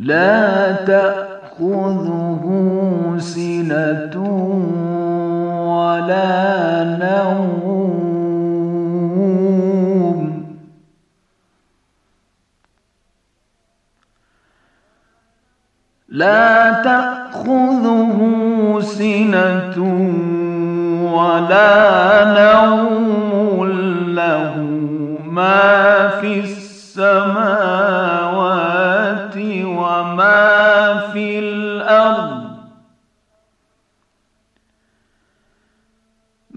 لا تأخذه سنة ولا نوم لا تأخذه سنة ولا نوم له ما في السماء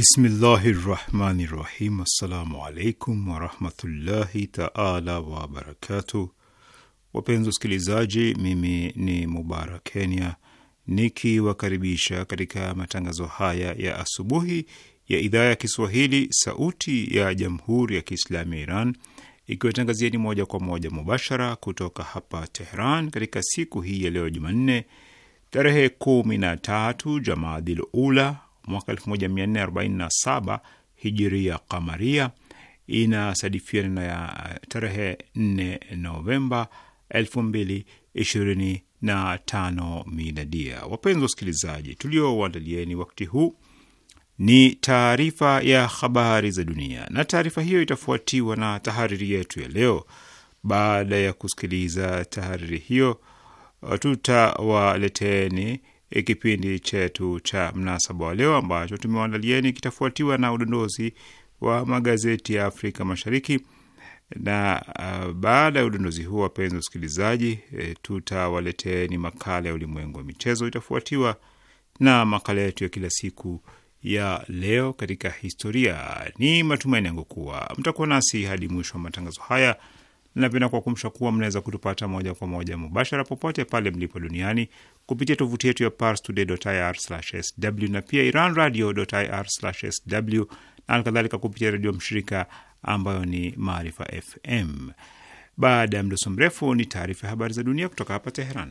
Bismillahi rahmani rahim. Assalamu alaikum warahmatullahi taala wabarakatu. Wapenzi wasikilizaji, mimi ni Mubarak Kenya nikiwakaribisha katika matangazo haya ya asubuhi ya idhaa ya Kiswahili sauti ya jamhuri ya Kiislamu ya Iran ikiwatangazieni moja kwa moja mubashara kutoka hapa Tehran katika siku hii ya leo Jumanne tarehe kumi na tatu Jamaadil Ula mwaka 1447 hijiria kamaria, inasadifiana na ya tarehe 4 Novemba 2025 miladia. Wapenzi wasikilizaji, tuliowaandalieni wakati huu ni taarifa ya habari za dunia, na taarifa hiyo itafuatiwa na tahariri yetu ya leo. Baada ya kusikiliza tahariri hiyo, tutawaleteni E, kipindi chetu cha mnasaba wa leo ambacho tumewaandalieni kitafuatiwa na udondozi wa magazeti ya Afrika Mashariki na uh, baada ya udondozi huo, wapenzi usikilizaji e, tutawaleteni makala ya ulimwengu wa michezo. Itafuatiwa na makala yetu ya kila siku ya leo katika historia. Ni matumaini yangu kuwa mtakuwa nasi hadi mwisho wa matangazo haya Napenda kuwakumbusha kuwa mnaweza kutupata moja kwa moja mubashara popote pale mlipo duniani kupitia tovuti yetu ya parstoday.ir/sw na pia iranradio.ir/sw na kadhalika kupitia redio mshirika ambayo ni Maarifa FM. Baada ya mdoso mrefu ni taarifa ya habari za dunia kutoka hapa Teheran.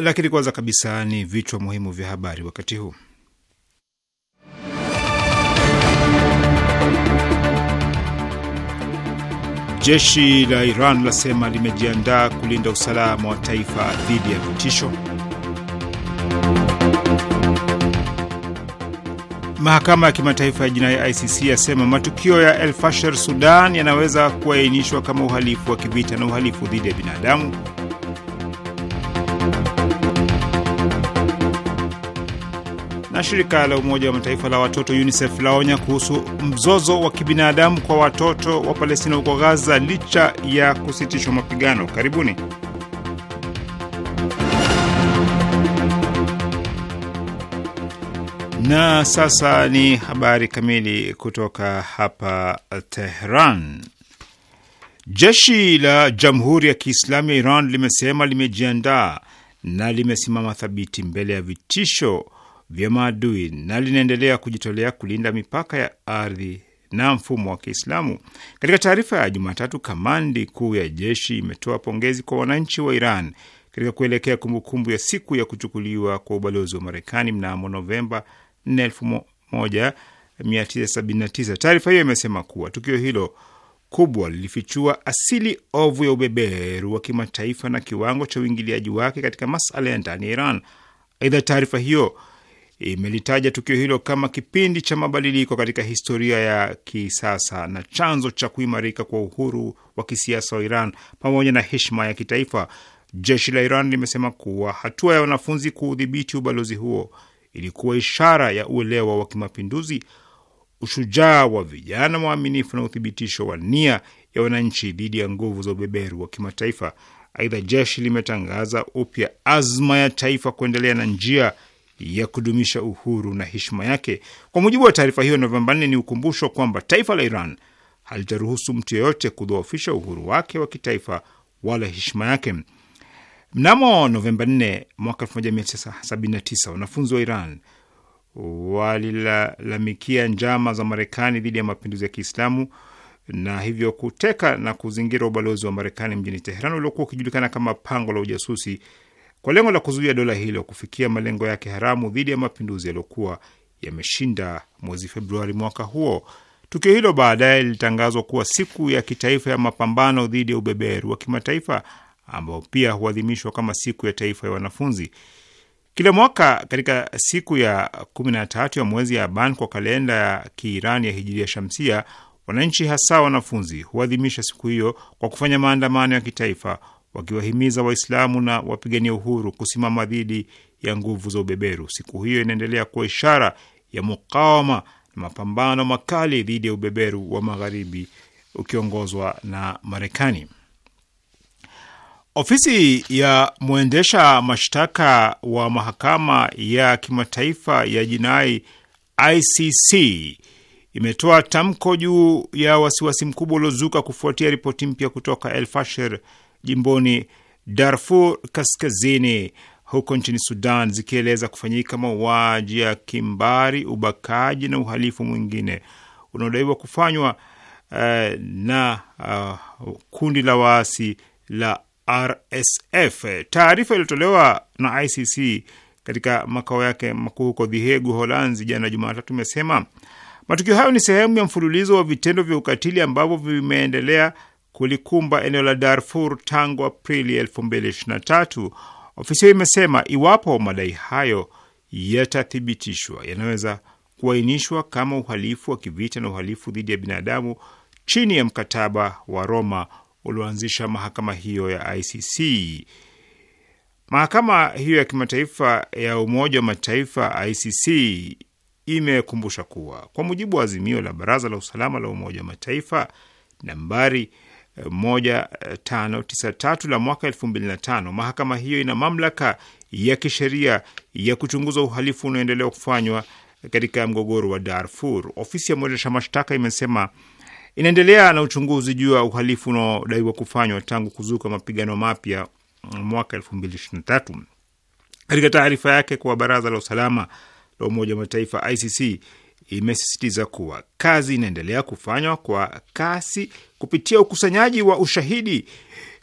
Lakini kwanza kabisa ni vichwa muhimu vya habari wakati huu. Jeshi la Iran lasema limejiandaa kulinda usalama wa taifa dhidi ya vitisho. Mahakama ya kimataifa ya jinai ICC yasema matukio ya El Fasher, Sudan, yanaweza kuainishwa kama uhalifu wa kivita na uhalifu dhidi ya binadamu. na shirika la Umoja wa Mataifa la watoto UNICEF laonya kuhusu mzozo wa kibinadamu kwa watoto wa Palestina huko Gaza licha ya kusitishwa mapigano. Karibuni. Na sasa ni habari kamili kutoka hapa Tehran. Jeshi la Jamhuri ya Kiislamu ya Iran limesema limejiandaa na limesimama thabiti mbele ya vitisho vya maadui na linaendelea kujitolea kulinda mipaka ya ardhi na mfumo wa Kiislamu. Katika taarifa ya Jumatatu, kamandi kuu ya jeshi imetoa pongezi kwa wananchi wa Iran katika kuelekea kumbukumbu ya siku ya kuchukuliwa kwa ubalozi wa Marekani mnamo Novemba 1979. Taarifa hiyo imesema kuwa tukio hilo kubwa lilifichua asili ovu ya ubeberu wa kimataifa na kiwango cha uingiliaji wake katika masala ya ndani ya Iran. Aidha, taarifa hiyo imelitaja tukio hilo kama kipindi cha mabadiliko katika historia ya kisasa na chanzo cha kuimarika kwa uhuru wa kisiasa wa Iran pamoja na heshima ya kitaifa. Jeshi la Iran limesema kuwa hatua ya wanafunzi kuudhibiti ubalozi huo ilikuwa ishara ya uelewa wa kimapinduzi, ushujaa wa vijana waaminifu na uthibitisho wa nia ya wananchi dhidi ya nguvu za ubeberu wa kimataifa. Aidha, jeshi limetangaza upya azma ya taifa kuendelea na njia ya kudumisha uhuru na heshima yake. Kwa mujibu wa taarifa hiyo, Novemba 4 ni ukumbusho kwamba taifa la Iran halitaruhusu mtu yeyote kudhoofisha uhuru wake wa kitaifa wala heshima yake. Mnamo Novemba 4 mwaka 1979 wanafunzi wa Iran walilalamikia njama za Marekani dhidi ya mapinduzi ya Kiislamu na hivyo kuteka na kuzingira ubalozi wa Marekani mjini Teheran uliokuwa ukijulikana kama pango la ujasusi kwa lengo la kuzuia dola hilo kufikia malengo yake haramu dhidi ya mapinduzi yaliyokuwa yameshinda mwezi Februari mwaka huo. Tukio hilo baadaye lilitangazwa kuwa siku ya kitaifa ya mapambano dhidi ya ubeberu wa kimataifa ambao pia huadhimishwa kama siku ya taifa ya wanafunzi kila mwaka katika siku ya kumi na tatu ya mwezi ya Aban kwa kalenda ya Kiirani ya hijiria shamsia. Wananchi hasa wanafunzi huadhimisha siku hiyo kwa kufanya maandamano ya kitaifa, wakiwahimiza Waislamu na wapigania uhuru kusimama dhidi ya nguvu za ubeberu. Siku hiyo inaendelea kuwa ishara ya mukawama na mapambano makali dhidi ya ubeberu wa magharibi ukiongozwa na Marekani. Ofisi ya mwendesha mashtaka wa mahakama ya kimataifa ya jinai ICC imetoa tamko juu ya wasiwasi mkubwa uliozuka kufuatia ripoti mpya kutoka El Fasher jimboni Darfur Kaskazini huko nchini Sudan zikieleza kufanyika mauaji ya kimbari, ubakaji na uhalifu mwingine unaodaiwa kufanywa uh, na uh, kundi la waasi la RSF. Taarifa iliyotolewa na ICC katika makao yake makuu huko The Hague, Holanzi, jana Jumatatu imesema matukio hayo ni sehemu ya mfululizo wa vitendo vya ukatili ambavyo vimeendelea kulikumba eneo la Darfur tangu Aprili 2023. Ofisi hiyo imesema iwapo madai hayo yatathibitishwa, yanaweza kuainishwa kama uhalifu wa kivita na uhalifu dhidi ya binadamu chini ya mkataba wa Roma ulioanzisha mahakama hiyo ya ICC. Mahakama hiyo ya kimataifa ya Umoja wa Mataifa ICC imekumbusha kuwa kwa mujibu wa azimio la Baraza la Usalama la Umoja wa Mataifa nambari 1593 eh, la mwaka 2005. Mahakama hiyo ina mamlaka ya kisheria ya kuchunguza uhalifu unaoendelea kufanywa katika mgogoro wa Darfur. Ofisi ya mwendesha mashtaka imesema inaendelea na uchunguzi juu ya uhalifu unaodaiwa kufanywa tangu kuzuka mapigano mapya mwaka 2023. Katika taarifa yake kwa Baraza la Usalama la Umoja wa Mataifa ICC imesisitiza kuwa kazi inaendelea kufanywa kwa kasi kupitia ukusanyaji wa ushahidi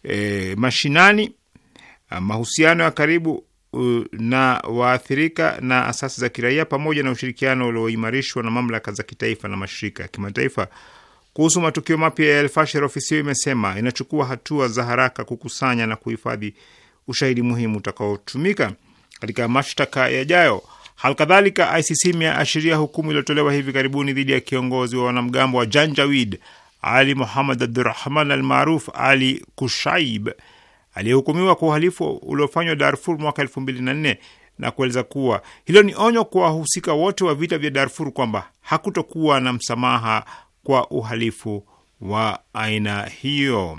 e, mashinani, mahusiano ya karibu na waathirika na asasi za kiraia pamoja na ushirikiano ulioimarishwa na mamlaka za kitaifa na mashirika ya kimataifa. Kuhusu matukio mapya ya Elfasher, ofisi hiyo imesema inachukua hatua za haraka kukusanya na kuhifadhi ushahidi muhimu utakaotumika katika mashtaka yajayo. Halkadhalika, ICC imeashiria hukumu iliyotolewa hivi karibuni dhidi ya kiongozi wa wanamgambo wa Janjawid Ali Muhammad Abdurahman al Maruf Ali Kushaib aliyehukumiwa kwa uhalifu uliofanywa Darfur mwaka elfu mbili na nne na kueleza kuwa hilo ni onyo kwa wahusika wote wa vita vya Darfur kwamba hakutokuwa na msamaha kwa uhalifu wa aina hiyo.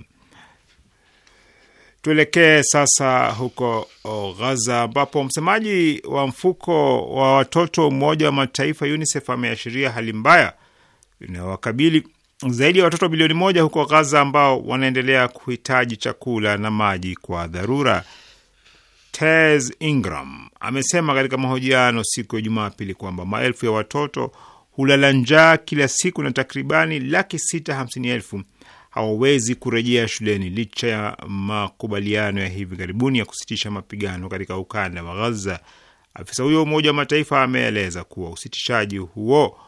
Tuelekee sasa huko oh, Ghaza ambapo msemaji wa mfuko wa watoto Umoja wa Mataifa UNICEF ameashiria hali mbaya inayowakabili zaidi ya watoto bilioni moja huko Ghaza ambao wanaendelea kuhitaji chakula na maji kwa dharura. Tez Ingram amesema katika mahojiano siku ya Jumapili kwamba maelfu ya watoto hulala njaa kila siku na takribani laki sita hamsini elfu hawawezi kurejea shuleni licha ya makubaliano ya hivi karibuni ya kusitisha mapigano katika ukanda wa Gaza. Afisa huyo Umoja wa Mataifa ameeleza kuwa usitishaji huo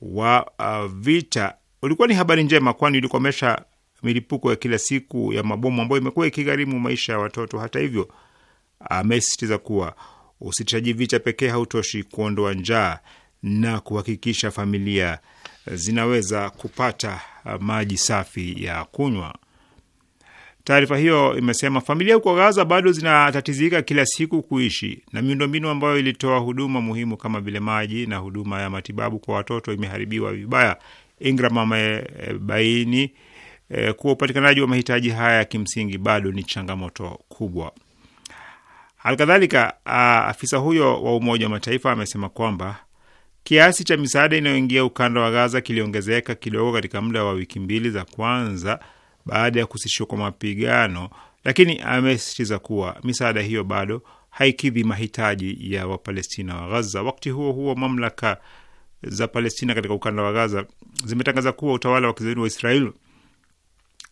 wa uh, vita ulikuwa ni habari njema, kwani ulikomesha milipuko ya kila siku ya mabomu ambayo imekuwa ikigharimu maisha ya watoto. Hata hivyo, amesisitiza kuwa usitishaji vita pekee hautoshi kuondoa njaa na kuhakikisha familia zinaweza kupata Eh, maji safi ya kunywa. Taarifa hiyo imesema familia huko Gaza bado zinatatizika kila siku kuishi na miundombinu ambayo ilitoa huduma muhimu kama vile maji na huduma ya matibabu kwa watoto imeharibiwa vibaya. Ingram amebaini e, kuwa upatikanaji wa mahitaji haya ya kimsingi bado ni changamoto kubwa. Halikadhalika, ah, afisa huyo wa Umoja wa Mataifa amesema kwamba Kiasi cha misaada inayoingia ukanda wa Gaza kiliongezeka kidogo katika muda wa wiki mbili za kwanza baada ya kusitishwa kwa mapigano, lakini amesisitiza kuwa misaada hiyo bado haikidhi mahitaji ya Wapalestina wa Gaza. Wakati huo huo, mamlaka za Palestina katika ukanda wa Gaza zimetangaza kuwa utawala wa kizayuni wa israel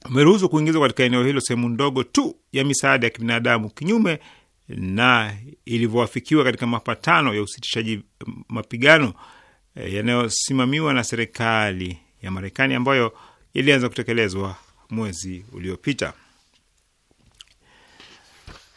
umeruhusu kuingizwa katika eneo hilo sehemu ndogo tu ya misaada ya kibinadamu, kinyume na ilivyoafikiwa katika mapatano ya usitishaji mapigano eh, yanayosimamiwa na serikali ya Marekani ambayo ilianza kutekelezwa mwezi uliopita.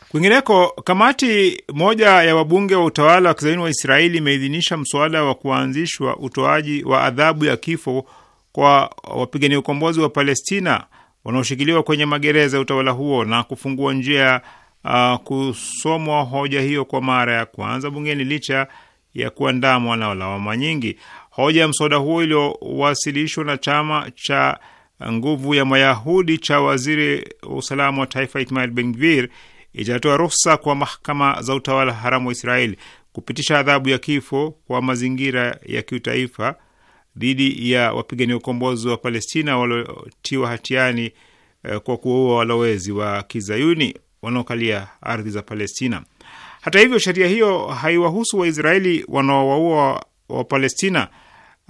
Kwingineko, kamati moja ya wabunge wa utawala wa kizaini wa Israeli imeidhinisha mswada wa kuanzishwa utoaji wa adhabu ya kifo kwa wapigania ukombozi wa Palestina wanaoshikiliwa kwenye magereza ya utawala huo na kufungua njia uh, kusomwa hoja hiyo kwa mara ya kwanza bungeni licha ya kuandamwa na lawama nyingi. Hoja ya mswada huo iliyowasilishwa na chama cha nguvu ya Mayahudi cha waziri wa usalama wa taifa Itmail Ben Gvir itatoa ruhusa kwa mahakama za utawala haramu wa Israeli kupitisha adhabu ya kifo kwa mazingira ya kiutaifa dhidi ya wapigania ukombozi wa Palestina waliotiwa hatiani eh, kwa kuwaua walowezi wa Kizayuni wanaokalia ardhi za Palestina. Hata hivyo, sheria hiyo haiwahusu Waisraeli wanaowaua Wapalestina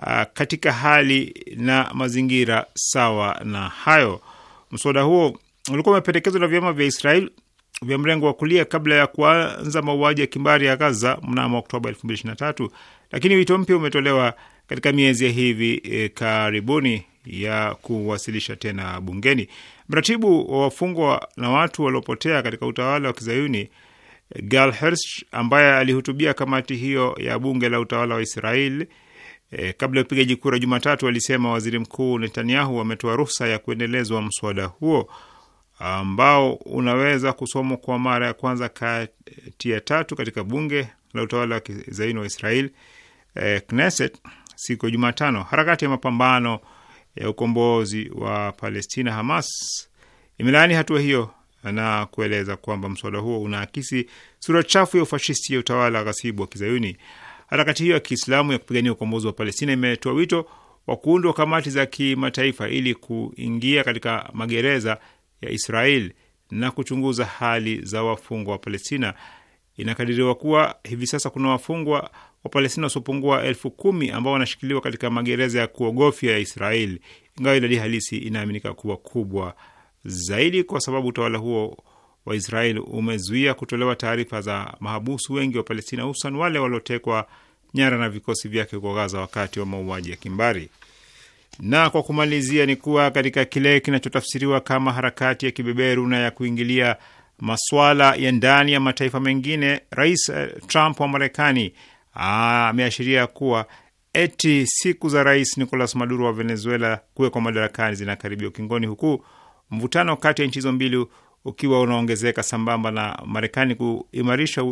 uh, katika hali na mazingira sawa na hayo. Mswada huo ulikuwa umependekezwa na vyama vya israel vya mrengo wa kulia kabla ya kuanza mauaji ya kimbari ya Gaza mnamo Oktoba 2023 lakini wito mpya umetolewa katika miezi ya hivi e, karibuni ya kuwasilisha tena bungeni. Mratibu wa wafungwa na watu waliopotea katika utawala wa kizayuni Gal Hersh, ambaye alihutubia kamati hiyo ya bunge la utawala wa Israeli e, eh, kabla ya upigaji kura Jumatatu, alisema waziri mkuu Netanyahu ametoa ruhusa ya kuendelezwa mswada huo ambao unaweza kusomwa kwa mara ya kwanza kati ya tatu katika bunge la utawala wa kizayuni wa israel e, Knesset siku ya Jumatano. Harakati ya mapambano ya ukombozi wa Palestina, Hamas imelaani hatua hiyo na kueleza kwamba mswada huo unaakisi sura chafu ya ufashisti ya utawala ghasibu wa Kizayuni. Harakati hiyo ya Kiislamu ya kupigania ukombozi wa Palestina imetoa wito wa kuundwa kamati za kimataifa ili kuingia katika magereza ya Israel na kuchunguza hali za wafungwa wa Palestina. Inakadiriwa kuwa hivi sasa kuna wafungwa Wapalestina wasiopungua elfu kumi ambao wanashikiliwa katika magereza ya kuogofya ya Israel, ingawa idadi halisi inaaminika kuwa kubwa zaidi, kwa sababu utawala huo wa Israel umezuia kutolewa taarifa za mahabusu wengi wa Palestina, hususan wale waliotekwa nyara na vikosi vyake kwa Gaza wakati wa mauaji ya kimbari. Na kwa kumalizia ni kuwa katika kile kinachotafsiriwa kama harakati ya kibeberu na ya kuingilia maswala ya ndani ya mataifa mengine, Rais eh, Trump wa Marekani Ah, ameashiria kuwa eti siku za Rais Nicolas Maduro wa Venezuela kuwekwa madarakani zinakaribia ukingoni, huku mvutano kati ya nchi hizo mbili ukiwa unaongezeka sambamba na Marekani kuimarisha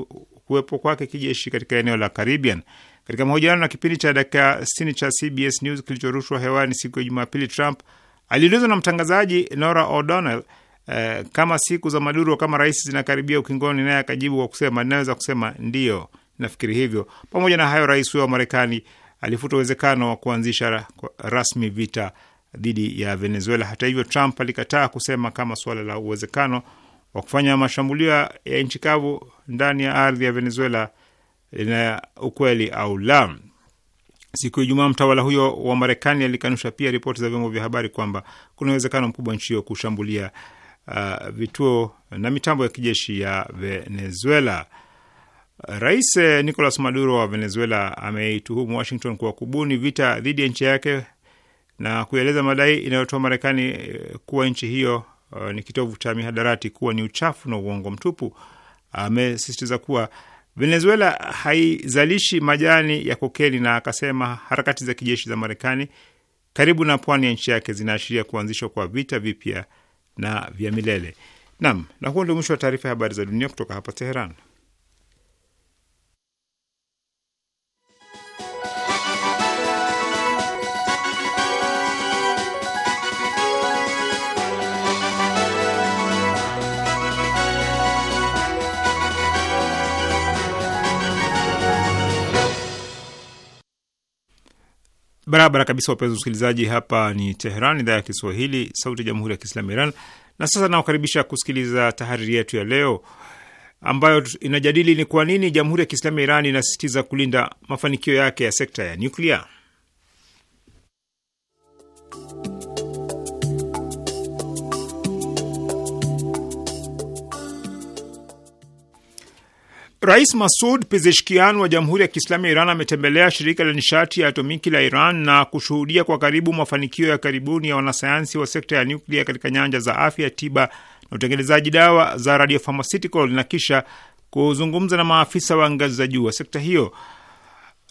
kuwepo kwake kijeshi katika eneo la Caribbean. Katika mahojiano na kipindi cha dakika 60 cha CBS News kilichorushwa hewani siku ya Jumapili, Trump aliulizwa na mtangazaji Nora O'Donnell eh, kama siku za Maduro kama rais zinakaribia ukingoni, naye akajibu kwa kusema, ninaweza kusema ndiyo nafikiri hivyo. Pamoja na hayo, rais huyo wa Marekani alifuta uwezekano wa kuanzisha rasmi vita dhidi ya Venezuela. Hata hivyo, Trump alikataa kusema kama suala la uwezekano wa kufanya mashambulio ya nchi kavu ndani ya ardhi ya Venezuela lina ukweli au la. Siku ya Ijumaa, mtawala huyo wa Marekani alikanusha pia ripoti za vyombo vya habari kwamba kuna uwezekano mkubwa nchi hiyo kushambulia uh, vituo na mitambo ya kijeshi ya Venezuela. Rais eh, Nicolas Maduro wa Venezuela ameituhumu Washington kwa kubuni vita dhidi ya nchi yake na kueleza madai inayotoa Marekani eh, kuwa nchi hiyo uh, ni kitovu cha mihadarati kuwa ni uchafu na uongo mtupu. Amesisitiza kuwa Venezuela haizalishi majani ya kokeni, na akasema harakati za kijeshi za Marekani karibu na pwani ya nchi yake zinaashiria kuanzishwa kwa vita vipya na vya milele. Naam, na huo ndio mwisho wa taarifa ya habari za dunia kutoka hapa Teheran. Barabara kabisa, wapenzi wasikilizaji, hapa ni Teheran, idhaa ya Kiswahili, sauti ya jamhuri ya kiislamu Iran. Na sasa nawakaribisha kusikiliza tahariri yetu ya leo ambayo inajadili ni kwa nini jamhuri ya kiislamu ya Iran inasisitiza kulinda mafanikio yake ya sekta ya nyuklia. Rais Masud Pezeshkian wa Jamhuri ya Kiislamu ya Iran ametembelea shirika la nishati ya atomiki la Iran na kushuhudia kwa karibu mafanikio ya karibuni ya wanasayansi wa sekta ya nyuklia katika nyanja za afya, tiba na utengenezaji dawa za radiopharmaceutical na kisha kuzungumza na maafisa wa ngazi za juu wa sekta hiyo.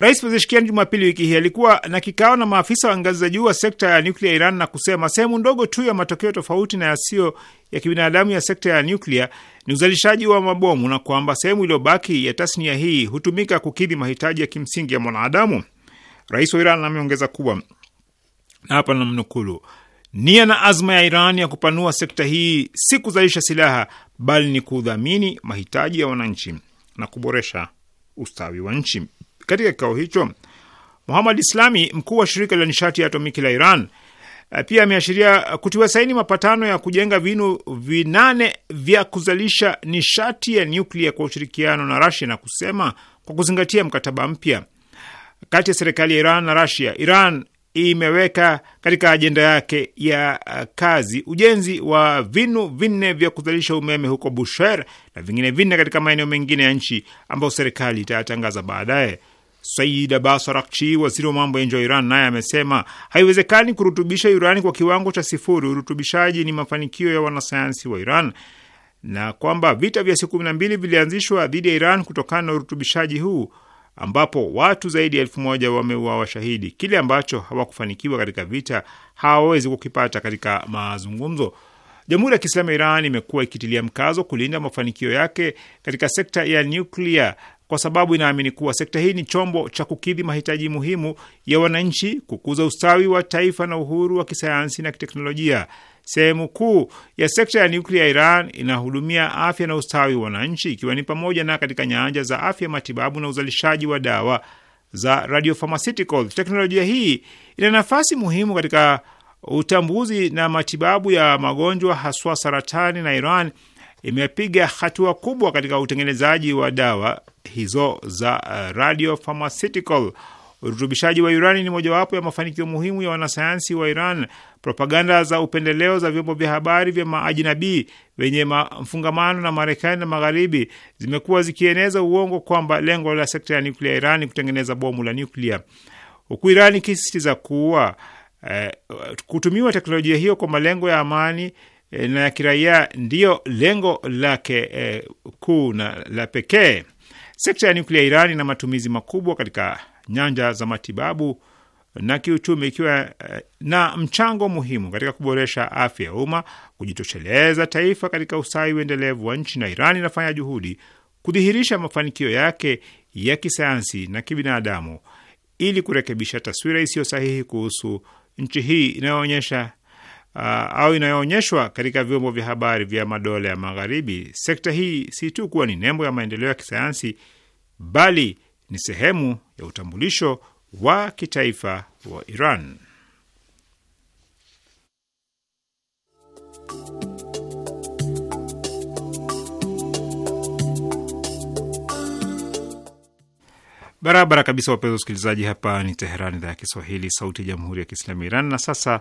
Rais Pezeshkian Jumapili wiki hii alikuwa na kikao na maafisa wa ngazi za juu wa sekta ya nyuklia ya Iran na kusema sehemu ndogo tu ya matokeo tofauti na yasiyo ya kibinadamu ya sekta ya nuklia ni uzalishaji wa mabomu na kwamba sehemu iliyobaki ya tasnia hii hutumika kukidhi mahitaji ya kimsingi ya mwanadamu. Rais wa Iran ameongeza kuwa na hapa namnukulu, nia na azma ya Iran ya kupanua sekta hii si kuzalisha silaha, bali ni kudhamini mahitaji ya wananchi na kuboresha ustawi wa nchi. Katika kikao hicho, Muhamad Islami, mkuu wa shirika la nishati ya atomiki la Iran, eh, pia ameashiria kutiwa saini mapatano ya kujenga vinu vinane vya kuzalisha nishati ya nyuklia kwa ushirikiano na Rasia na kusema kwa kuzingatia mkataba mpya kati ya serikali ya Iran na Rasia, Iran imeweka katika ajenda yake ya eh, kazi ujenzi wa vinu vinne vya kuzalisha umeme huko Bushehr na vingine vinne katika maeneo mengine ya nchi ambayo serikali itayatangaza baadaye. Said Abbas Arakchi, waziri wa mambo ya nje wa Iran, naye amesema haiwezekani kurutubisha urani kwa kiwango cha sifuri. Urutubishaji ni mafanikio ya wanasayansi wa Iran na kwamba vita vya siku kumi na mbili vilianzishwa dhidi ya Iran kutokana na urutubishaji huu ambapo watu zaidi ya elfu moja wameuawa washahidi. Kile ambacho hawakufanikiwa katika vita hawawezi kukipata katika mazungumzo. Jamhuri ya Kiislamu ya Iran imekuwa ikitilia mkazo kulinda mafanikio yake katika sekta ya nyuklia kwa sababu inaamini kuwa sekta hii ni chombo cha kukidhi mahitaji muhimu ya wananchi, kukuza ustawi wa taifa na uhuru wa kisayansi na kiteknolojia. Sehemu kuu ya sekta ya nyuklia ya Iran inahudumia afya na ustawi wa wananchi, ikiwa ni pamoja na katika nyanja za afya, matibabu na uzalishaji wa dawa za radiopharmaceutical. Teknolojia hii ina nafasi muhimu katika utambuzi na matibabu ya magonjwa haswa saratani, na Iran imepiga hatua kubwa katika utengenezaji wa dawa hizo za uh, radiopharmaceutical. Urutubishaji wa urani ni mojawapo ya mafanikio muhimu ya wanasayansi wa Iran. Propaganda za upendeleo za vyombo vya habari vya maajinabii vyenye mfungamano na Marekani na Magharibi zimekuwa zikieneza uongo kwamba lengo la sekta ya nuklia ya Iran ni kutengeneza bomu la nuklia, huku Iran ikisisitiza kuwa eh, kutumiwa teknolojia hiyo kwa malengo ya amani Eh, na ya kiraia ndiyo lengo lake eh, kuu na la pekee. Sekta ya nyuklia ya Iran ina matumizi makubwa katika nyanja za matibabu na kiuchumi, ikiwa eh, na mchango muhimu katika kuboresha afya ya umma, kujitosheleza taifa katika ustawi uendelevu wa nchi, na Iran inafanya juhudi kudhihirisha mafanikio yake ya kisayansi na kibinadamu ili kurekebisha taswira isiyo sahihi kuhusu nchi hii inayoonyesha uh, au inayoonyeshwa katika vyombo vya habari vya madola ya Magharibi. Sekta hii si tu kuwa ni nembo ya maendeleo ya kisayansi, bali ni sehemu ya utambulisho wa kitaifa wa Iran. Barabara kabisa, wapenzi wasikilizaji, hapa ni Teheran, idhaa ya Kiswahili, sauti ya jamhuri ya kiislamu ya Iran. Na sasa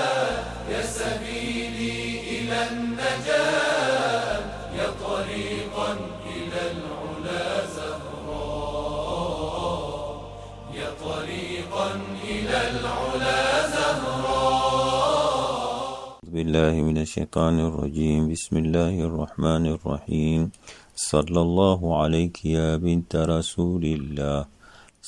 يا سبيلي إلى النجاة يا طريقا إلى العلا زهراء يا طريقا إلى العلا زهراء بالله من الشيطان الرجيم بسم الله الرحمن الرحيم صلى الله عليك يا بنت رسول الله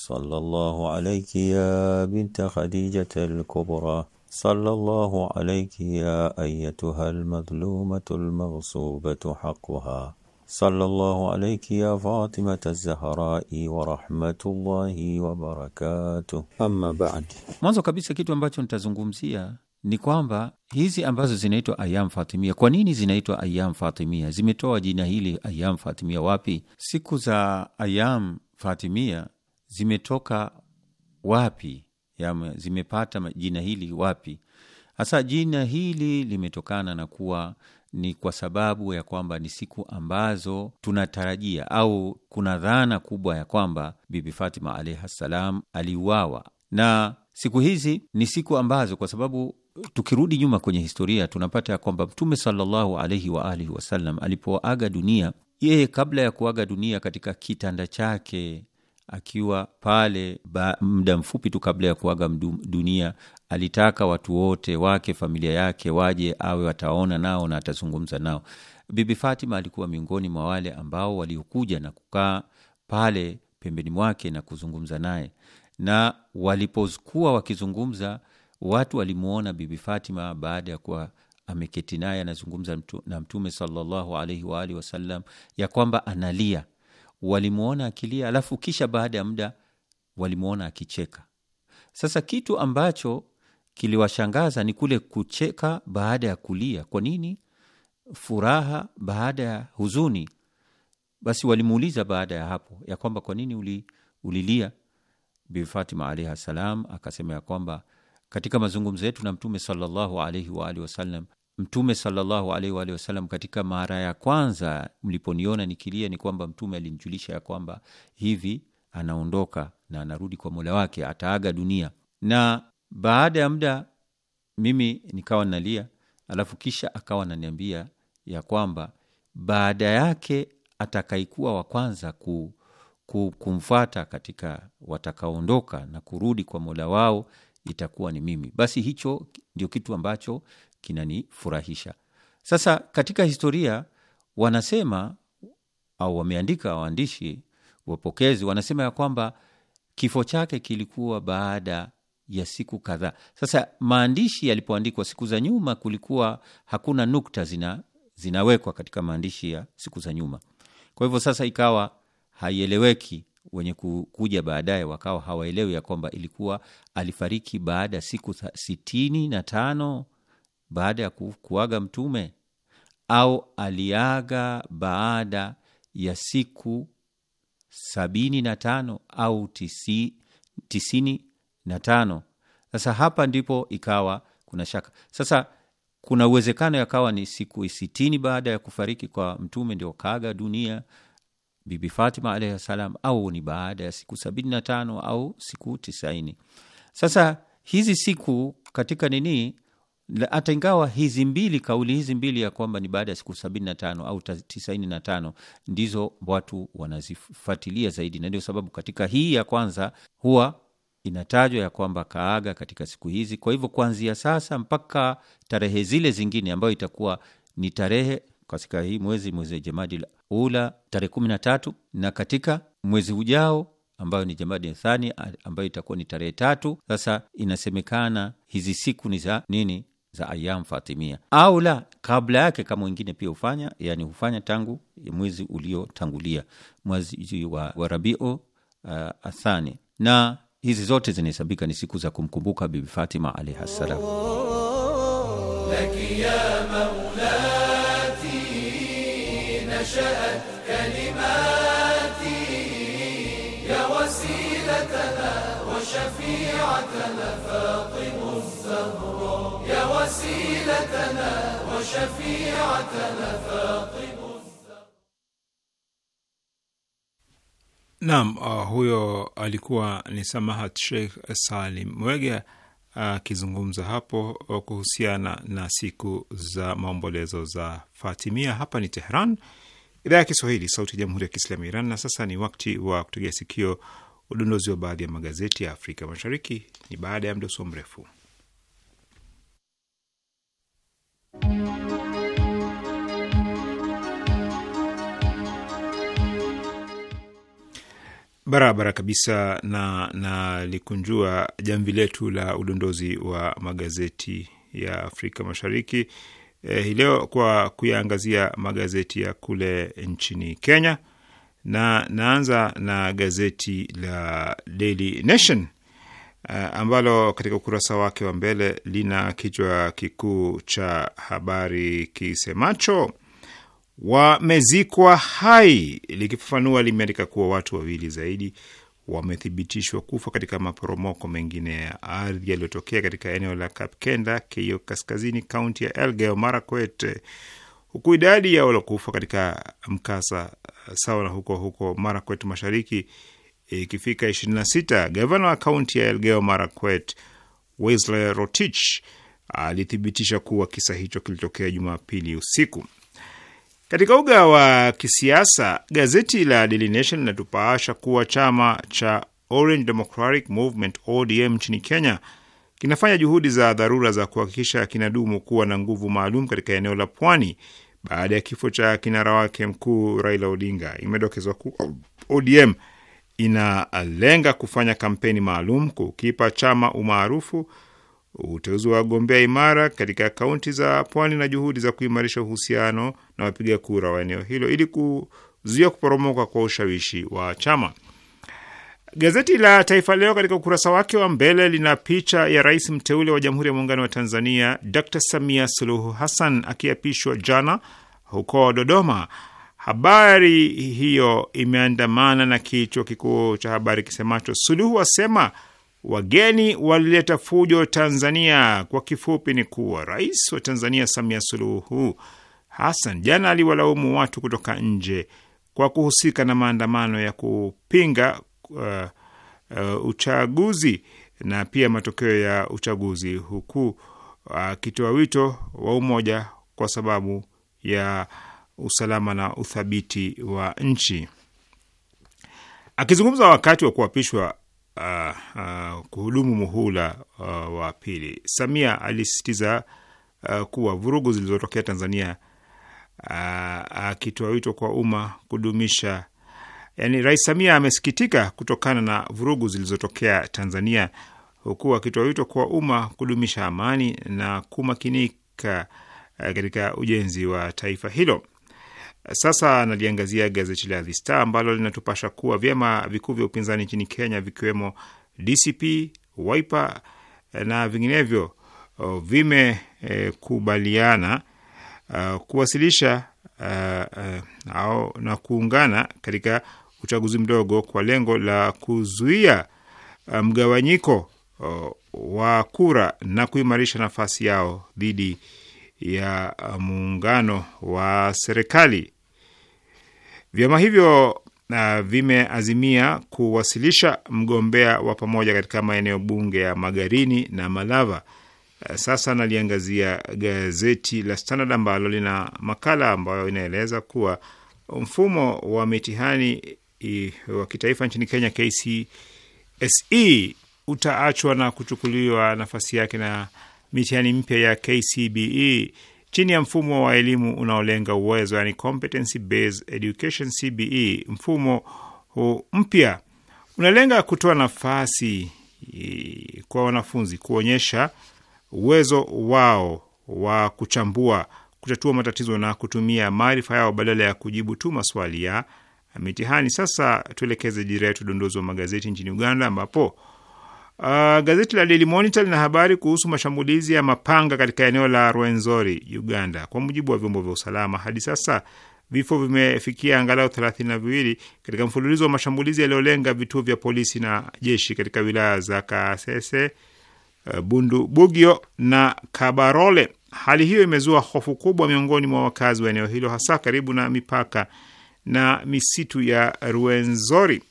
صلى الله عليك يا بنت خديجة الكبرى صلى الله عليك يا أيتها المظلومة المغصوبة حقها صلى الله عليك يا فاطمة الزهراء ورحمة الله وبركاته أما بعد mwanzo kabisa kitu ambacho nitazungumzia ni kwamba hizi ambazo zinaitwa ayam fatimia kwa nini zinaitwa ayam fatimia zimetoa jina hili ayam fatimia wapi siku za ayam fatimia zimetoka wapi ya zimepata jina hili wapi hasa jina hili limetokana na kuwa ni kwa sababu ya kwamba ni siku ambazo tunatarajia au kuna dhana kubwa ya kwamba bibi fatima alaihi ssalam aliuawa na siku hizi ni siku ambazo kwa sababu tukirudi nyuma kwenye historia tunapata ya kwamba mtume salallahu alaihi waalihi wasallam alipoaga dunia yeye kabla ya kuaga dunia katika kitanda chake akiwa pale muda mfupi tu kabla ya kuaga dunia alitaka watu wote wake familia yake waje awe wataona nao na atazungumza nao bibi fatima alikuwa miongoni mwa wale ambao waliokuja na kukaa pale pembeni mwake na kuzungumza naye na walipokuwa wakizungumza watu walimuona bibi fatima baada ya kuwa ameketi naye anazungumza na mtume salallahu alaihi waalihi wasallam ya kwamba analia walimwona akilia, alafu kisha baada ya muda walimwona akicheka. Sasa kitu ambacho kiliwashangaza ni kule kucheka baada ya kulia. Kwa nini? Furaha baada ya huzuni. Basi walimuuliza baada ya hapo ya kwamba kwa nini uli, ulilia? bifatima Fatima alaihi salam akasema ya kwamba katika mazungumzo yetu na Mtume sallallahu alaihi wa alihi wasallam Mtume sallallahu alaihi wasallam, katika mara ya kwanza mliponiona nikilia, ni kwamba Mtume alinjulisha ya kwamba hivi anaondoka na anarudi kwa mola wake, ataaga dunia. Na baada ya muda mimi nikawa nalia, alafu kisha akawa naniambia ya kwamba baada yake atakaikuwa wa kwanza ku, ku, kumfata katika watakaondoka na kurudi kwa mola wao itakuwa ni mimi. Basi hicho ndio kitu ambacho kinanifurahisha. Sasa katika historia wanasema au wameandika waandishi wapokezi, wanasema ya kwamba kifo chake kilikuwa baada ya siku kadhaa. Sasa maandishi yalipoandikwa siku za nyuma, kulikuwa hakuna nukta zina, zinawekwa katika maandishi ya siku za nyuma. Kwa hivyo sasa ikawa haieleweki, wenye kuja baadaye wakawa hawaelewi ya kwamba ilikuwa alifariki baada ya siku sitini na tano baada ya kuaga Mtume au aliaga baada ya siku sabini na tano au tisi, tisini na tano. Sasa hapa ndipo ikawa kuna shaka sasa. Kuna uwezekano yakawa ni siku sitini baada ya kufariki kwa Mtume ndio kaaga dunia Bibi Fatima alaihi salam, au ni baada ya siku sabini na tano au siku tisaini. Sasa hizi siku katika nini hata ingawa hizi mbili kauli hizi mbili ya kwamba ni baada ya siku sabini na tano au tisaini na tano ndizo watu wanazifuatilia zaidi, na ndio sababu katika hii ya kwanza huwa inatajwa ya kwamba kaaga katika siku hizi. Kwa hivyo kuanzia sasa mpaka tarehe zile zingine ambayo itakuwa ni tarehe katika hii mwezi mwezi Jamadi Ula tarehe kumi na tatu na katika mwezi ujao ambayo ni Jamadi Thani ambayo itakuwa ni tarehe tatu. Sasa inasemekana hizi siku ni za nini? za ayam fatimia au la kabla yake kama wengine pia hufanya yani hufanya tangu mwezi uliotangulia mwezi wa, wa rabio uh, athani na hizi zote zinahesabika ni siku za kumkumbuka bibi fatima alaihi ssalam نشأت كلماتي يا وسيلة شفيعتنا فاطم الزهراء يا وسيلتنا وشفيعتنا فاطم Naam, uh, huyo alikuwa ni Samahat Sheikh Salim Mwega akizungumza uh, hapo kuhusiana na siku za maombolezo za Fatimia. Hapa ni Tehran, idhaa ya Kiswahili, sauti ya jamhuri ya kiislamu ya Iran. Na sasa ni wakati wa kutegea sikio udondozi wa baadhi ya magazeti ya Afrika Mashariki ni baada ya mdoso mrefu. Barabara kabisa na nalikunjua jamvi letu la udondozi wa magazeti ya Afrika Mashariki eh, leo kwa kuyaangazia magazeti ya kule nchini Kenya na naanza na gazeti la Daily Nation uh, ambalo katika ukurasa wake wa mbele lina kichwa kikuu cha habari kisemacho wamezikwa hai. Likifafanua, limeandika kuwa watu wawili zaidi wamethibitishwa kufa katika maporomoko mengine ya ardhi yaliyotokea katika eneo la Kapkenda, Keio Kaskazini, kaunti ya Elgeyo Marakwet, huku idadi ya waliokufa katika mkasa sawa na huko huko Marakwet Mashariki ikifika e, 26. Gavana wa kaunti ya Elgeyo Marakwet Wesley Rotich alithibitisha kuwa kisa hicho kilitokea Jumapili usiku. Katika uga wa kisiasa, gazeti la Daily Nation linatupaasha kuwa chama cha Orange Democratic Movement ODM nchini Kenya kinafanya juhudi za dharura za kuhakikisha kinadumu kuwa na nguvu maalum katika eneo la pwani baada ya kifo cha kinara wake mkuu Raila Odinga. Imedokezwa kuwa ODM inalenga kufanya kampeni maalum kukipa chama umaarufu, uteuzi wa wagombea imara katika kaunti za pwani na juhudi za kuimarisha uhusiano na wapiga kura wa eneo hilo ili kuzuia kuporomoka kwa ushawishi wa chama. Gazeti la Taifa Leo katika ukurasa wake wa mbele lina picha ya rais mteule wa Jamhuri ya Muungano wa Tanzania Dr Samia Suluhu Hassan akiapishwa jana huko Dodoma. Habari hiyo imeandamana na kichwa kikuu cha habari kisemacho Suluhu asema wageni walileta fujo Tanzania. Kwa kifupi ni kuwa rais wa Tanzania Samia Suluhu Hassan jana aliwalaumu watu kutoka nje kwa kuhusika na maandamano ya kupinga uh, uh, uchaguzi na pia matokeo ya uchaguzi, huku uh, akitoa uh, wito wa umoja kwa sababu ya usalama na uthabiti wa nchi. Akizungumza wakati wa kuapishwa uh, uh, kuhudumu muhula uh, wa pili, Samia alisisitiza uh, kuwa vurugu zilizotokea Tanzania, uh, akitoa uh, uh, wito kwa umma kudumisha Yani, Rais Samia amesikitika kutokana na vurugu zilizotokea Tanzania, huku akitoa wito kwa umma kudumisha amani na kumakinika eh, katika ujenzi wa taifa hilo. Sasa analiangazia gazeti la The Star ambalo linatupasha kuwa vyama vikuu vya upinzani nchini Kenya vikiwemo DCP, Wiper eh, na vinginevyo oh, vimekubaliana eh, kuwasilisha au na kuungana katika uchaguzi mdogo kwa lengo la kuzuia uh, mgawanyiko uh, wa kura na kuimarisha nafasi yao dhidi ya uh, muungano wa serikali. Vyama hivyo vimeazimia kuwasilisha mgombea wa pamoja katika maeneo bunge ya Magarini na Malava. sasa naliangazia gazeti la Standard ambalo lina makala ambayo inaeleza kuwa mfumo wa mitihani E, wa kitaifa nchini Kenya KCSE utaachwa na kuchukuliwa nafasi yake na mitihani mpya ya KCBE chini ya mfumo wa elimu unaolenga uwezo, yani competency based education CBE. Mfumo mpya unalenga kutoa nafasi e, kwa wanafunzi kuonyesha uwezo wao wa kuchambua, kutatua matatizo na kutumia maarifa yao badala ya kujibu tu maswali ya mitihani. Sasa tuelekeze jira yetu udondozi wa magazeti nchini Uganda, ambapo uh, gazeti la Daily Monitor lina habari kuhusu mashambulizi ya mapanga katika eneo la Rwenzori, Uganda. Kwa mujibu wa vyombo vya usalama, hadi sasa vifo vimefikia angalau thelathini na viwili katika mfululizo wa mashambulizi yaliyolenga vituo vya polisi na jeshi katika wilaya za Kasese, uh, Bundu, Bugio na Kabarole. Hali hiyo imezua hofu kubwa miongoni mwa wakazi wa eneo hilo, hasa karibu na mipaka na misitu ya Ruenzori.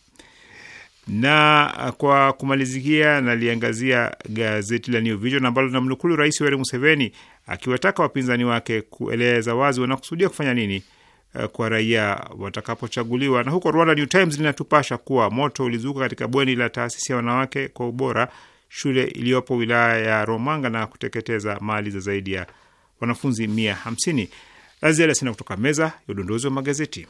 Na kwa kumalizikia, naliangazia gazeti la New Vision ambalo linamnukulu Rais Yoweri Museveni akiwataka wapinzani wake kueleza wazi wanakusudia kufanya nini eh, kwa raia watakapochaguliwa. Na huko Rwanda, New Times linatupasha kuwa moto ulizuka katika bweni la taasisi ya wanawake kwa ubora shule iliyopo wilaya ya Romanga na kuteketeza mali za zaidi ya wanafunzi mia hamsini. sina kutoka meza ya udondozi wa magazeti.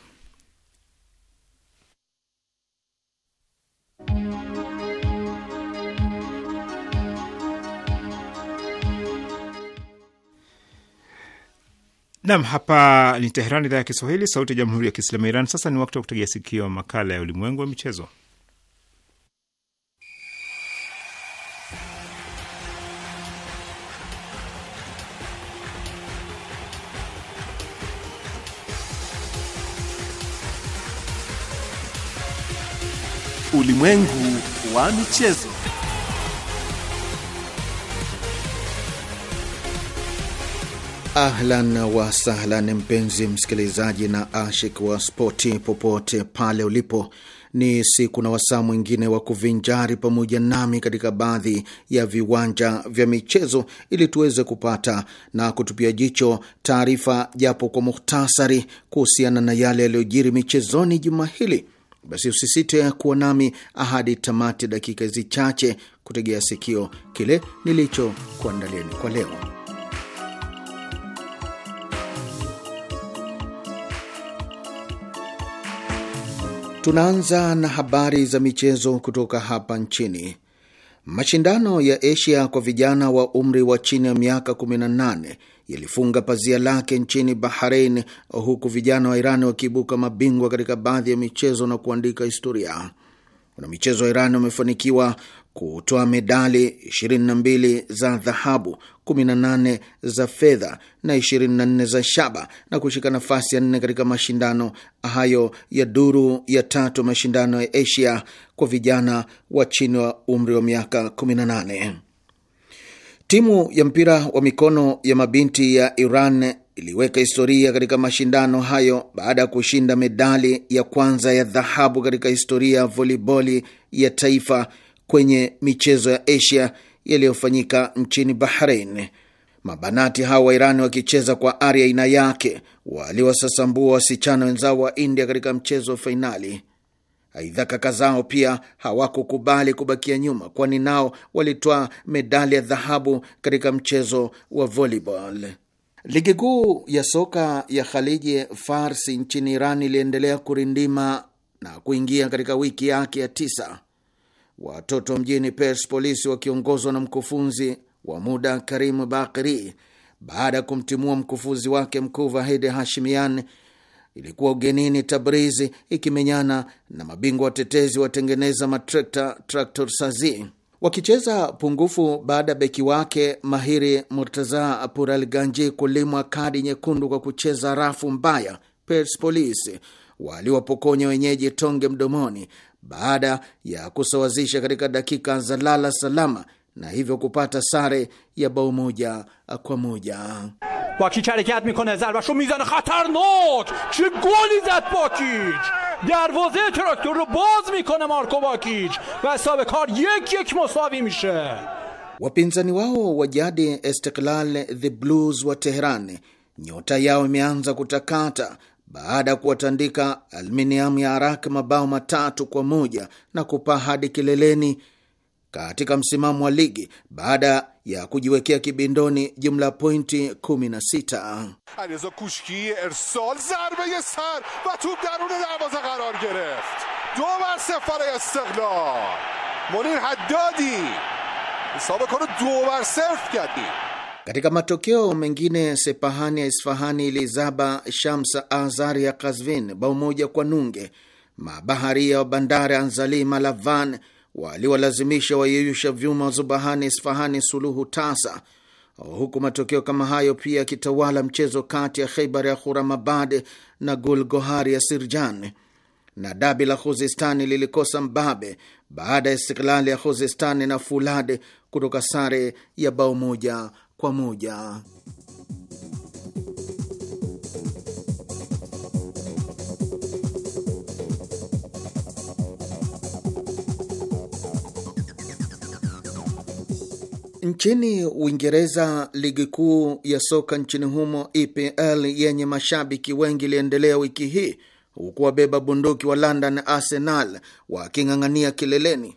Nam, hapa ni Teheran, idhaa ya Kiswahili, sauti ya jamhuri ya kiislamu ya Iran. Sasa ni wakati wa kutegea sikio makala ya ulimwengu wa michezo. Ulimwengu wa michezo. Ahlan wa sahlan, mpenzi msikilizaji na ashik wa spoti, popote pale ulipo, ni siku na wasaa mwingine wa kuvinjari pamoja nami katika baadhi ya viwanja vya michezo ili tuweze kupata na kutupia jicho taarifa japo kwa muhtasari kuhusiana na yale yaliyojiri michezoni juma hili. Basi usisite kuwa nami ahadi tamati, dakika hizi chache kutegea sikio kile nilichokuandalieni kwa leo. Tunaanza na habari za michezo kutoka hapa nchini. Mashindano ya Asia kwa vijana wa umri wa chini ya miaka 18 yalifunga pazia lake nchini Bahrain, huku vijana wa Irani wakiibuka mabingwa katika baadhi ya michezo na kuandika historia. Wanamichezo wa Irani wamefanikiwa kutoa medali 22 za dhahabu, 18 za fedha na 24 za shaba na kushika nafasi ya nne katika mashindano hayo ya duru ya tatu mashindano ya Asia kwa vijana wa chini wa umri wa miaka 18. Timu ya mpira wa mikono ya mabinti ya Iran iliweka historia katika mashindano hayo baada ya kushinda medali ya kwanza ya dhahabu katika historia ya voliboli ya taifa kwenye michezo ya Asia yaliyofanyika nchini Bahrain. Mabanati hao wa Irani wakicheza kwa ari aina yake waliwasasambua wasichana wenzao wa India katika mchezo wa fainali. Aidha, kaka zao pia hawakukubali kubakia nyuma, kwani nao walitoa medali ya dhahabu katika mchezo wa volleyball. Ligi kuu ya soka ya Khaliji Farsi nchini Iran iliendelea kurindima na kuingia katika wiki yake ya tisa. Watoto mjini Persepolis wakiongozwa na mkufunzi wa muda Karimu bakri baada ya kumtimua mkufunzi wake mkuu Vahidi Hashimian, ilikuwa ugenini Tabrizi ikimenyana na mabingwa watetezi watengeneza matrekta Traktor Sazi wakicheza pungufu baada ya beki wake mahiri Murtaza Puralganji kulimwa kadi nyekundu kwa kucheza rafu mbaya. Persepolis waliwapokonya wenyeji tonge mdomoni baada ya kusawazisha katika dakika za lala salama na hivyo kupata sare ya bao moja kwa moja. Bakic harakat mikone zarbasho mizane khatarnak che goli zad Bakic darvoze traktor ro baz mikone Marko Bakic va hesab kar yek yek mosavi mishe. Wapinzani wao wa jadi Istiklal the Blues wa Tehran, nyota yao imeanza kutakata baada ya kuwatandika Alminiam ya Arak mabao matatu kwa moja na kupaa hadi kileleni katika msimamo wa ligi baada ya kujiwekea kibindoni jumla pointi 16. Aliza Kushki ersal sar haddadi do katika matokeo mengine, Sepahani ya Isfahani ilizaba Shamsa Azari ya Kazvin bao moja kwa nunge. Mabaharia wa bandari Anzali Malavan waliwalazimisha wayeyusha vyuma Zubahani Isfahani suluhu tasa, huku matokeo kama hayo pia yakitawala mchezo kati ya Kheibar ya Khuramabad na Golgohari ya Sirjan na dabi la Khuzistani lilikosa mbabe baada ya Istiklali ya Khuzistani na Fulad kutoka sare ya bao moja kwa moja. Nchini Uingereza, ligi kuu ya soka nchini humo EPL yenye mashabiki wengi iliendelea wiki hii huku wabeba bunduki wa London Arsenal waking'ang'ania kileleni.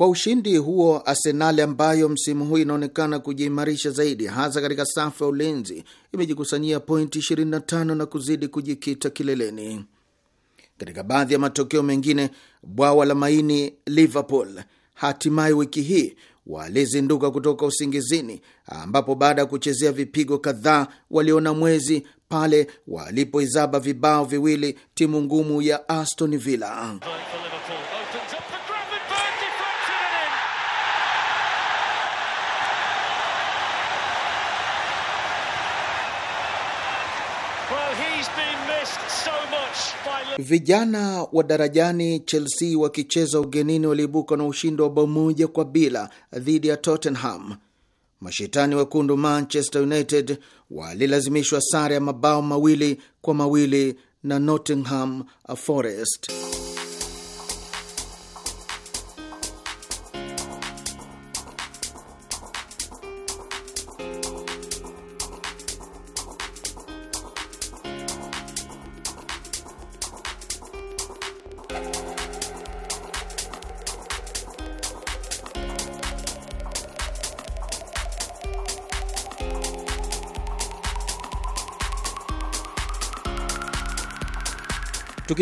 Kwa ushindi huo, Arsenali ambayo msimu huu inaonekana kujiimarisha zaidi, hasa katika safu ya ulinzi, imejikusanyia pointi 25 na kuzidi kujikita kileleni. Katika baadhi ya matokeo mengine, bwawa la maini Liverpool hatimaye wiki hii walizinduka kutoka usingizini, ambapo baada ya kuchezea vipigo kadhaa waliona mwezi pale walipoizaba vibao viwili timu ngumu ya Aston Villa. Vijana wa darajani Chelsea wakicheza ugenini waliibuka na ushindi wa bao moja kwa bila dhidi ya Tottenham. Mashetani wekundu Manchester United walilazimishwa sare ya mabao mawili kwa mawili na Nottingham Forest.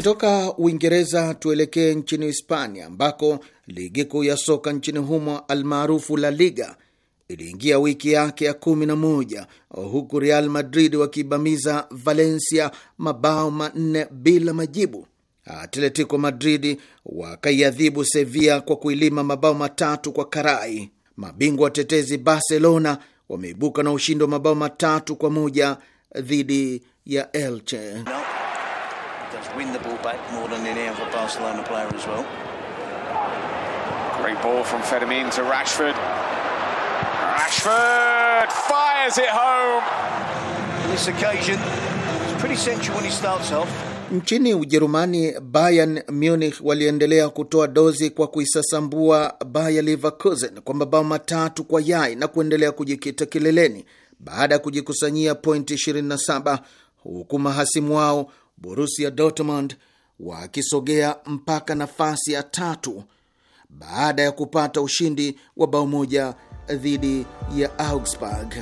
Kutoka Uingereza tuelekee nchini Hispania, ambako ligi kuu ya soka nchini humo almaarufu La Liga iliingia wiki yake ya kumi na moja huku Real Madrid wakiibamiza Valencia mabao manne bila majibu. Atletico Madrid wakaiadhibu Sevilla kwa kuilima mabao matatu kwa karai. Mabingwa watetezi Barcelona wameibuka na ushindi wa mabao matatu kwa moja dhidi ya Elche win the ball back more than any other Barcelona player as well. Great ball from Fedamine to Rashford. Rashford fires it home. On this occasion, it's pretty central when he starts off. Nchini Ujerumani, Bayern Munich waliendelea kutoa dozi kwa kuisasambua Bayer Leverkusen kwa mabao matatu kwa yai na kuendelea kujikita kileleni baada ya kujikusanyia pointi 27 huku mahasimu wao Borusia Dortmund wakisogea mpaka nafasi ya tatu baada ya kupata ushindi wa bao moja dhidi ya Augsburg.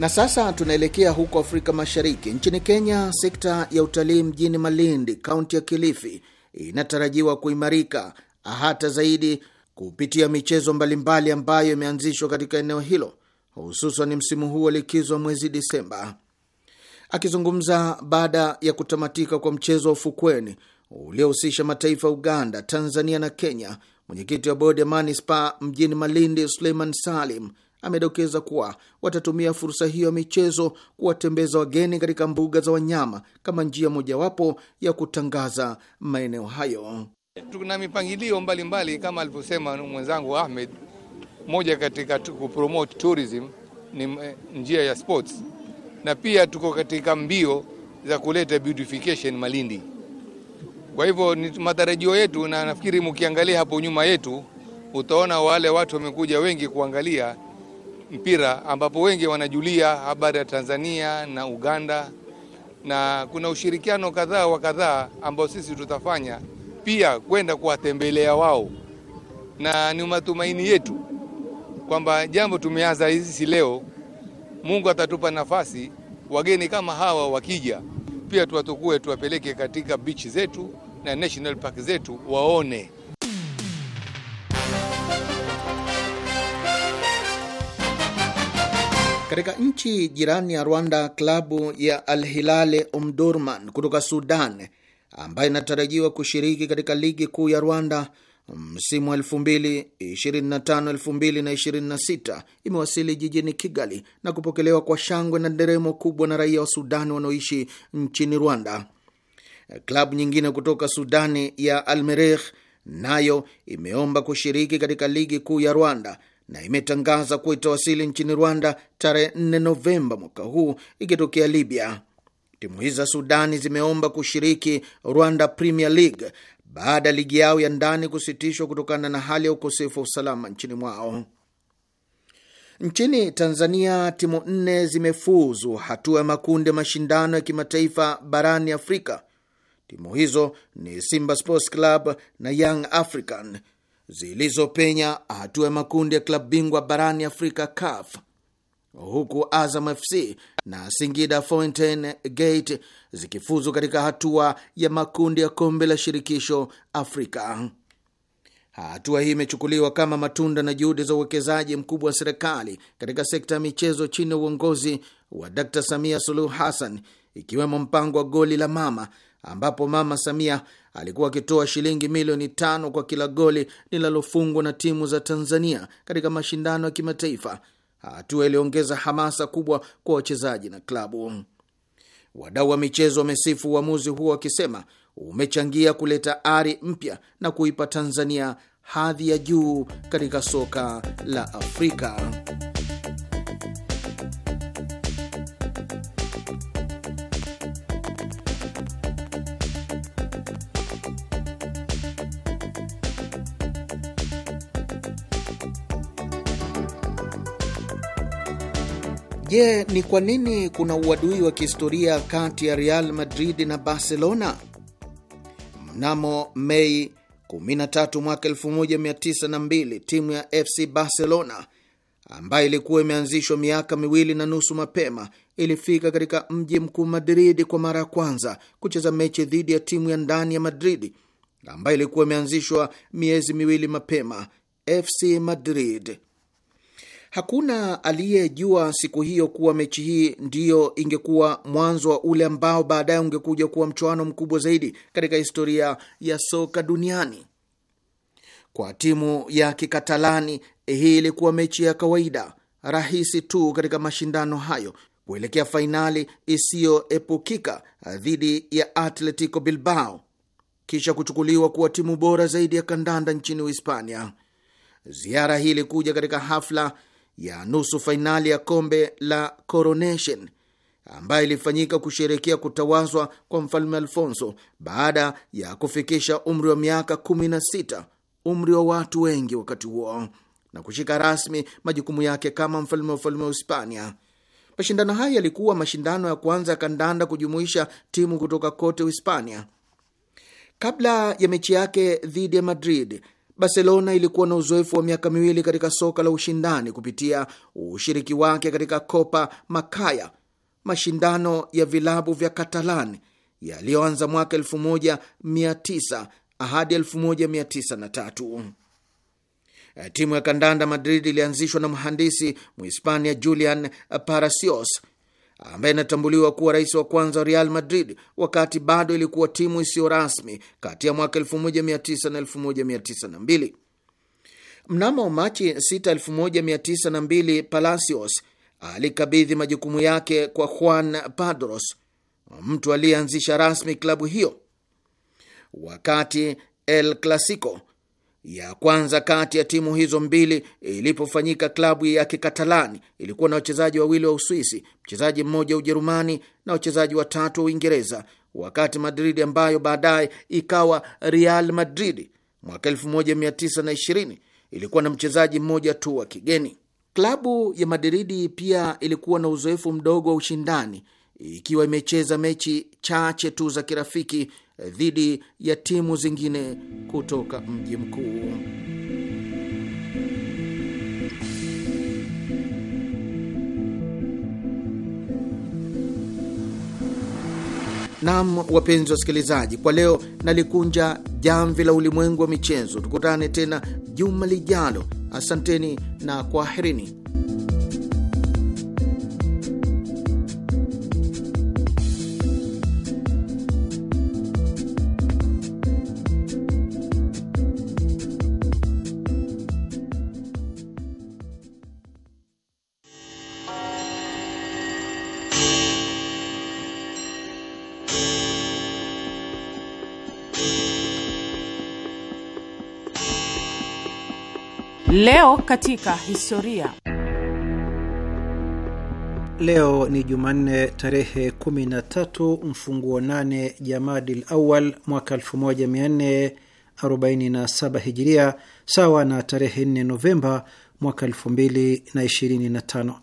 Na sasa tunaelekea huko Afrika Mashariki. Nchini Kenya, sekta ya utalii mjini Malindi, kaunti ya Kilifi, inatarajiwa kuimarika hata zaidi kupitia michezo mbalimbali ambayo imeanzishwa katika eneo hilo, hususan msimu huu wa likizo mwezi Disemba. Akizungumza baada ya kutamatika kwa mchezo wa ufukweni uliohusisha mataifa ya Uganda, Tanzania na Kenya, mwenyekiti wa bodi ya manispa mjini Malindi, Suleiman Salim amedokeza kuwa watatumia fursa hiyo ya michezo kuwatembeza wageni katika mbuga za wanyama kama njia mojawapo ya kutangaza maeneo hayo. Tuna mipangilio mbalimbali kama alivyosema mwenzangu Ahmed. Moja katika kupromote tourism ni eh, njia ya sports, na pia tuko katika mbio za kuleta beautification Malindi. Kwa hivyo ni matarajio yetu, na nafikiri mkiangalia hapo nyuma yetu utaona wale watu wamekuja wengi kuangalia mpira ambapo wengi wanajulia habari ya Tanzania na Uganda, na kuna ushirikiano kadhaa wa kadhaa ambao sisi tutafanya pia kwenda kuwatembelea wao, na ni matumaini yetu kwamba jambo tumeanza hizi leo, Mungu atatupa nafasi, wageni kama hawa wakija pia tuwatukue, tuwapeleke katika beach zetu na national park zetu waone. Katika nchi jirani ya Rwanda, klabu ya Al Hilale Omdurman kutoka Sudan ambayo inatarajiwa kushiriki katika ligi kuu ya Rwanda msimu wa 2025/2026 imewasili jijini Kigali na kupokelewa kwa shangwe na nderemo kubwa na raia wa Sudani wanaoishi nchini Rwanda. Klabu nyingine kutoka Sudani ya almerih nayo imeomba kushiriki katika ligi kuu ya Rwanda na imetangaza kuwa itawasili nchini Rwanda tarehe 4 Novemba mwaka huu ikitokea Libya. Timu hizi za Sudani zimeomba kushiriki Rwanda Premier League baada ya ligi yao ya ndani kusitishwa kutokana na hali ya ukosefu wa usalama nchini mwao. Nchini Tanzania, timu nne zimefuzu hatua ya makundi ya mashindano ya kimataifa barani Afrika. Timu hizo ni Simba Sports Club na Young African zilizopenya hatua ya makundi ya klabu bingwa barani Afrika, CAF, huku Azam FC na Singida Fountain Gate zikifuzu katika hatua ya makundi ya kombe la shirikisho Afrika. Hatua hii imechukuliwa kama matunda na juhudi za uwekezaji mkubwa wa serikali katika sekta ya michezo chini ya uongozi wa Dkt Samia Suluhu Hassan, ikiwemo mpango wa goli la mama ambapo Mama Samia alikuwa akitoa shilingi milioni tano kwa kila goli linalofungwa na timu za Tanzania katika mashindano ya kimataifa, hatua iliongeza hamasa kubwa kwa wachezaji na klabu. Wadau wa michezo wamesifu uamuzi huo wakisema umechangia kuleta ari mpya na kuipa Tanzania hadhi ya juu katika soka la Afrika. Je, ni kwa nini kuna uadui wa kihistoria kati ya Real Madrid na Barcelona? Mnamo Mei 13 mwaka 1902 timu ya FC Barcelona ambayo ilikuwa imeanzishwa miaka miwili na nusu mapema ilifika katika mji mkuu Madrid kwa mara ya kwanza kucheza mechi dhidi ya timu ya ndani ya Madrid ambayo ilikuwa imeanzishwa miezi miwili mapema, FC Madrid. Hakuna aliyejua siku hiyo kuwa mechi hii ndiyo ingekuwa mwanzo wa ule ambao baadaye ungekuja kuwa mchuano mkubwa zaidi katika historia ya soka duniani. Kwa timu ya Kikatalani, hii ilikuwa mechi ya kawaida rahisi tu katika mashindano hayo kuelekea fainali isiyoepukika dhidi ya Atletico Bilbao, kisha kuchukuliwa kuwa timu bora zaidi ya kandanda nchini Uhispania. Ziara hii ilikuja katika hafla ya nusu fainali ya kombe la Coronation ambayo ilifanyika kusherekea kutawazwa kwa mfalme Alfonso baada ya kufikisha umri wa miaka 16, umri wa watu wengi wakati huo, na kushika rasmi majukumu yake kama mfalme wa ufalme wa Hispania. Mashindano haya yalikuwa mashindano ya kwanza ya kandanda kujumuisha timu kutoka kote uhispania Kabla ya mechi yake dhidi ya Madrid, Barcelona ilikuwa na uzoefu wa miaka miwili katika soka la ushindani kupitia ushiriki wake katika Copa Macaya, mashindano ya vilabu vya Katalan yaliyoanza mwaka 1900 hadi 1903. Timu ya kandanda Madrid ilianzishwa na mhandisi Muhispania Julian Paracios ambaye anatambuliwa kuwa rais wa kwanza wa Real Madrid wakati bado ilikuwa timu isiyo rasmi kati ya mwaka 1900 na 1902. Mnamo Machi 6, 1902, Palacios alikabidhi majukumu yake kwa Juan Padros, mtu aliyeanzisha rasmi klabu hiyo. Wakati El Clasico ya kwanza kati ya timu hizo mbili ilipofanyika, klabu ya Kikatalani ilikuwa na wachezaji wawili wa Uswisi, mchezaji mmoja wa Ujerumani na wachezaji watatu wa Uingereza, wakati Madrid ambayo baadaye ikawa Real Madrid mwaka 1920 ilikuwa na mchezaji mmoja tu wa kigeni. Klabu ya Madridi pia ilikuwa na uzoefu mdogo wa ushindani, ikiwa imecheza mechi chache tu za kirafiki dhidi ya timu zingine kutoka mji mkuu. Nam, wapenzi wasikilizaji, kwa leo nalikunja jamvi la ulimwengu wa michezo. Tukutane tena juma lijalo. Asanteni na kwaherini. Leo katika historia. Leo ni Jumanne tarehe 13 mfunguo 8 Jamadil Awal mwaka 1447 Hijiria, sawa na tarehe 4 Novemba mwaka 2025.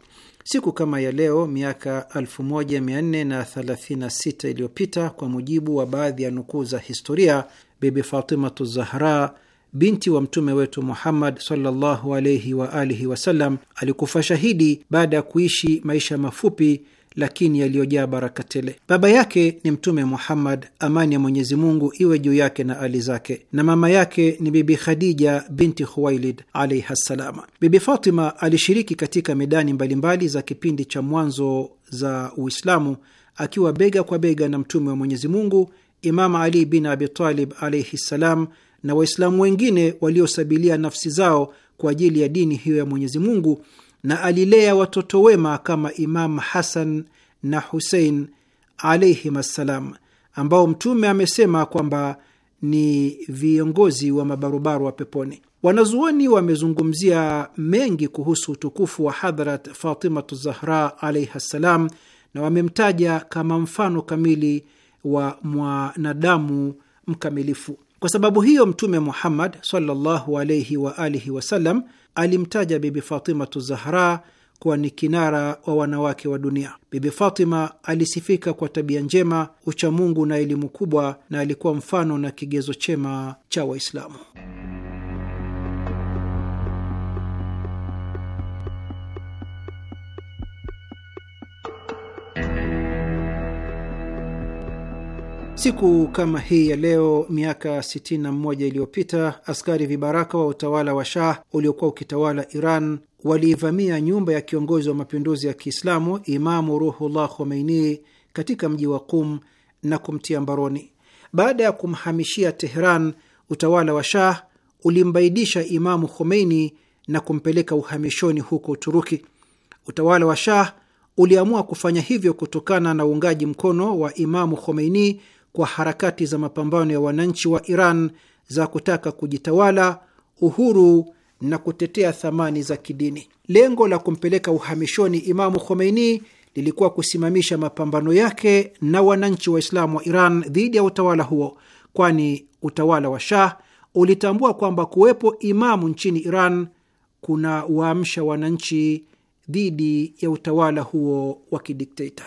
Siku kama ya leo miaka 1436 iliyopita, kwa mujibu wa baadhi ya nukuu za historia, Bibi Fatimatu Zahra binti wa mtume wetu Muhammad sallallahu alayhi wa alihi wasallam alikufa shahidi baada ya kuishi maisha mafupi lakini yaliyojaa baraka tele. Baba yake ni Mtume Muhammad, amani ya Mwenyezi Mungu iwe juu yake na ali zake, na mama yake ni Bibi Khadija binti Khuwailid alaiha ssalama. Bibi Fatima alishiriki katika medani mbalimbali za kipindi cha mwanzo za Uislamu akiwa bega kwa bega na Mtume wa Mwenyezi Mungu, Imam Ali bin Abi Talib alaihi ssalam na Waislamu wengine waliosabilia nafsi zao kwa ajili ya dini hiyo ya Mwenyezi Mungu, na alilea watoto wema kama Imam Hasan na Husein alaihim assalam, ambao Mtume amesema kwamba ni viongozi wa mabarobaro wa peponi. Wanazuoni wamezungumzia mengi kuhusu utukufu wa Hadhrat Fatimatu Zahra alaihi ssalam, na wamemtaja kama mfano kamili wa mwanadamu mkamilifu. Kwa sababu hiyo Mtume Muhammad sallallahu alaihi wa alihi wasallam alimtaja Bibi Fatimatu Zahra kuwa ni kinara wa wanawake wa dunia. Bibi Fatima alisifika kwa tabia njema, uchamungu na elimu kubwa, na alikuwa mfano na kigezo chema cha Waislamu. Siku kama hii ya leo miaka 61 iliyopita askari vibaraka wa utawala wa Shah uliokuwa ukitawala Iran waliivamia nyumba ya kiongozi wa mapinduzi ya Kiislamu Imamu Ruhullah Khomeini katika mji wa Qum na kumtia mbaroni. Baada ya kumhamishia Teheran, utawala wa Shah ulimbaidisha Imamu Khomeini na kumpeleka uhamishoni huko Uturuki. Utawala wa Shah uliamua kufanya hivyo kutokana na uungaji mkono wa Imamu Khomeini kwa harakati za mapambano ya wananchi wa Iran za kutaka kujitawala, uhuru na kutetea thamani za kidini. Lengo la kumpeleka uhamishoni Imamu Khomeini lilikuwa kusimamisha mapambano yake na wananchi Waislamu wa Iran dhidi ya utawala huo, kwani utawala wa Shah ulitambua kwamba kuwepo imamu nchini Iran kuna waamsha wananchi dhidi ya utawala huo wa kidikteta.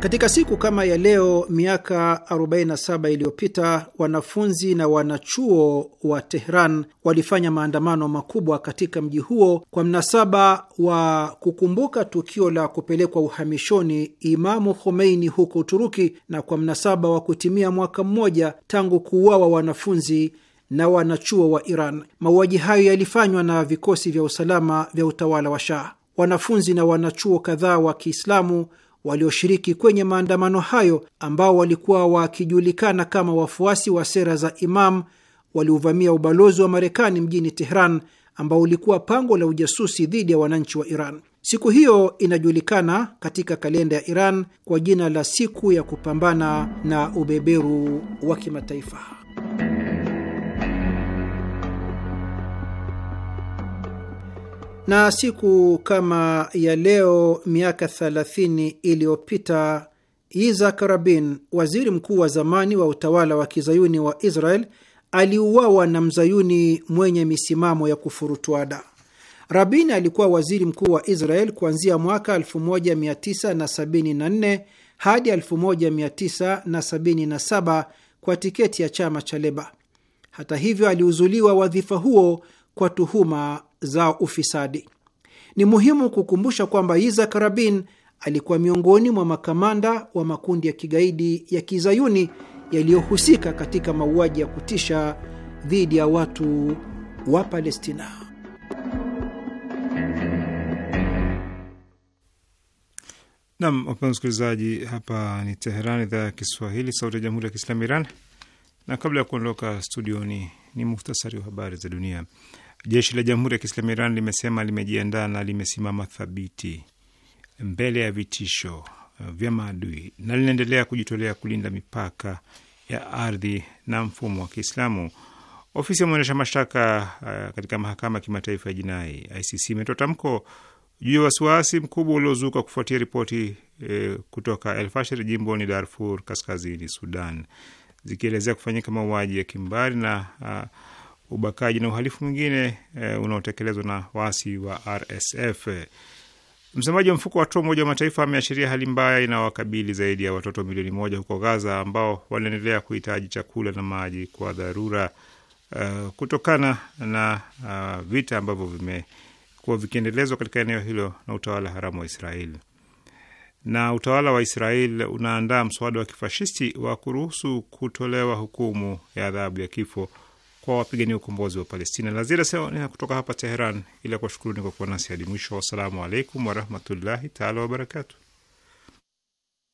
Katika siku kama ya leo miaka 47 iliyopita wanafunzi na wanachuo wa Tehran walifanya maandamano makubwa katika mji huo kwa mnasaba wa kukumbuka tukio la kupelekwa uhamishoni Imamu Khomeini huko Uturuki na kwa mnasaba wa kutimia mwaka mmoja tangu kuuawa wanafunzi na wanachuo wa Iran. Mauaji hayo yalifanywa na vikosi vya usalama vya utawala wa Shah. Wanafunzi na wanachuo kadhaa wa Kiislamu walioshiriki kwenye maandamano hayo ambao walikuwa wakijulikana kama wafuasi wa sera za Imam waliuvamia ubalozi wa Marekani mjini Tehran ambao ulikuwa pango la ujasusi dhidi ya wananchi wa Iran. Siku hiyo inajulikana katika kalenda ya Iran kwa jina la siku ya kupambana na ubeberu wa kimataifa. na siku kama ya leo miaka 30 iliyopita Yitzhak Rabin, waziri mkuu wa zamani wa utawala wa kizayuni wa Israel, aliuawa na mzayuni mwenye misimamo ya kufurutwada Rabin alikuwa waziri mkuu wa Israel kuanzia mwaka 1974 hadi 1977 kwa tiketi ya chama cha Leba. Hata hivyo, aliuzuliwa wadhifa huo kwa tuhuma za ufisadi. Ni muhimu kukumbusha kwamba Isak Rabin alikuwa miongoni mwa makamanda wa makundi ya kigaidi ya kizayuni yaliyohusika katika mauaji ya kutisha dhidi ya watu wa Palestina. Nam, wapenzi msikilizaji, hapa ni Teheran, idhaa ya Kiswahili, sauti ya jamhuri ya kiislamu Iran. Na kabla ya kuondoka studioni, ni, ni muhtasari wa habari za dunia. Jeshi la Jamhuri ya Kiislamu Iran limesema limejiandaa na limesimama thabiti mbele ya vitisho vya maadui na linaendelea kujitolea kulinda mipaka ya ardhi na mfumo wa Kiislamu. Ofisi ya mwendesha mashtaka uh, katika mahakama ya kimataifa ya jinai ICC imetoa tamko juu ya wasiwasi mkubwa uliozuka kufuatia ripoti eh, kutoka El Fasher jimboni Darfur kaskazini Sudan zikielezea kufanyika mauaji ya kimbari na uh, ubakaji na uhalifu mwingine e, unaotekelezwa na waasi wa RSF. Msemaji wa mfuko wa hatua Umoja wa Mataifa ameashiria hali mbaya inawakabili zaidi ya watoto milioni moja huko Gaza ambao wanaendelea kuhitaji chakula na maji kwa dharura uh, kutokana na uh, vita ambavyo vimekuwa vikiendelezwa katika eneo hilo na utawala haramu wa Israel. Na utawala wa Israel unaandaa mswada wa kifashisti wa kuruhusu kutolewa hukumu ya adhabu ya kifo kwa wapigania ukombozi wa Palestina. La ziada sina kutoka hapa Teheran, ila kuwashukuruni kwa kuwa nasi hadi mwisho. Wassalamu alaikum warahmatullahi taala wabarakatu